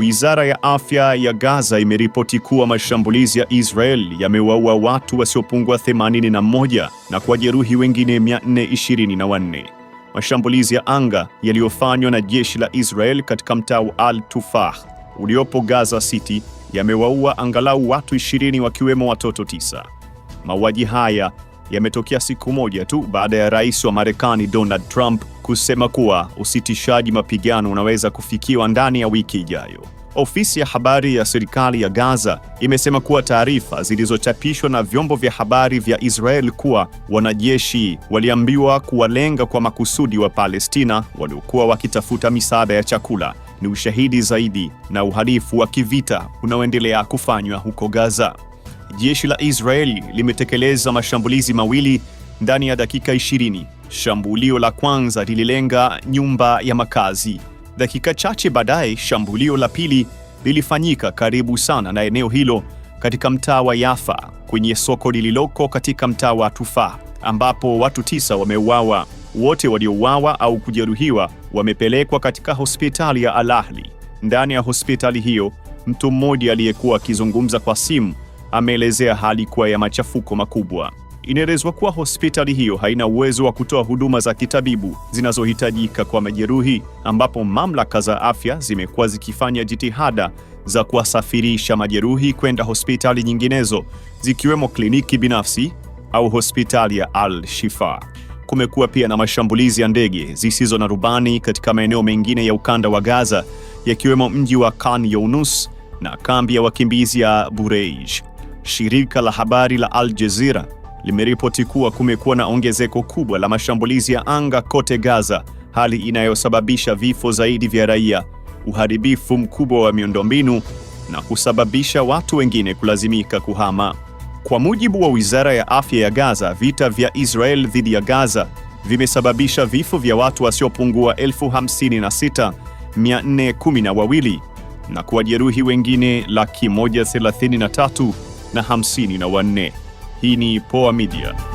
Wizara ya afya ya Gaza imeripoti kuwa mashambulizi ya Israel yamewaua watu wasiopungua 81 na kuwajeruhi wengine 424. Mashambulizi ya anga yaliyofanywa na jeshi la Israel katika mtaa wa Al-Tufah uliopo Gaza City yamewaua angalau watu 20 wakiwemo watoto 9. Mauaji haya yametokea siku moja tu baada ya rais wa Marekani Donald Trump kusema kuwa usitishaji mapigano unaweza kufikiwa ndani ya wiki ijayo. Ofisi ya habari ya serikali ya Gaza imesema kuwa taarifa zilizochapishwa na vyombo vya habari vya Israel kuwa wanajeshi waliambiwa kuwalenga kwa makusudi wa Palestina waliokuwa wakitafuta misaada ya chakula ni ushahidi zaidi na uhalifu wa kivita unaoendelea kufanywa huko Gaza. Jeshi la Israeli limetekeleza mashambulizi mawili ndani ya dakika 20. Shambulio la kwanza lililenga nyumba ya makazi Dakika chache baadaye, shambulio la pili lilifanyika karibu sana na eneo hilo katika mtaa wa Yafa kwenye soko lililoko katika mtaa wa Tufa ambapo watu tisa wameuawa. Wote waliouawa au kujeruhiwa wamepelekwa katika hospitali ya Al Ahli. Ndani ya hospitali hiyo, mtu mmoja aliyekuwa akizungumza kwa simu ameelezea hali kuwa ya machafuko makubwa. Inaelezwa kuwa hospitali hiyo haina uwezo wa kutoa huduma za kitabibu zinazohitajika kwa majeruhi, ambapo mamlaka za afya zimekuwa zikifanya jitihada za kuwasafirisha majeruhi kwenda hospitali nyinginezo, zikiwemo kliniki binafsi au hospitali ya Al-Shifa. Kumekuwa pia na mashambulizi ya ndege zisizo na rubani katika maeneo mengine ya ukanda wa Gaza, yakiwemo mji wa Khan Younis na kambi ya wakimbizi ya Bureij. Shirika la habari la Al Jazeera limeripoti kuwa kumekuwa na ongezeko kubwa la mashambulizi ya anga kote Gaza, hali inayosababisha vifo zaidi vya raia, uharibifu mkubwa wa miundombinu na kusababisha watu wengine kulazimika kuhama. Kwa mujibu wa Wizara ya Afya ya Gaza, vita vya Israel dhidi ya Gaza vimesababisha vifo vya watu wasiopungua 56,412 na kuwajeruhi wengine laki moja na tatu na hamsini na wanne. Hii ni Poa Media.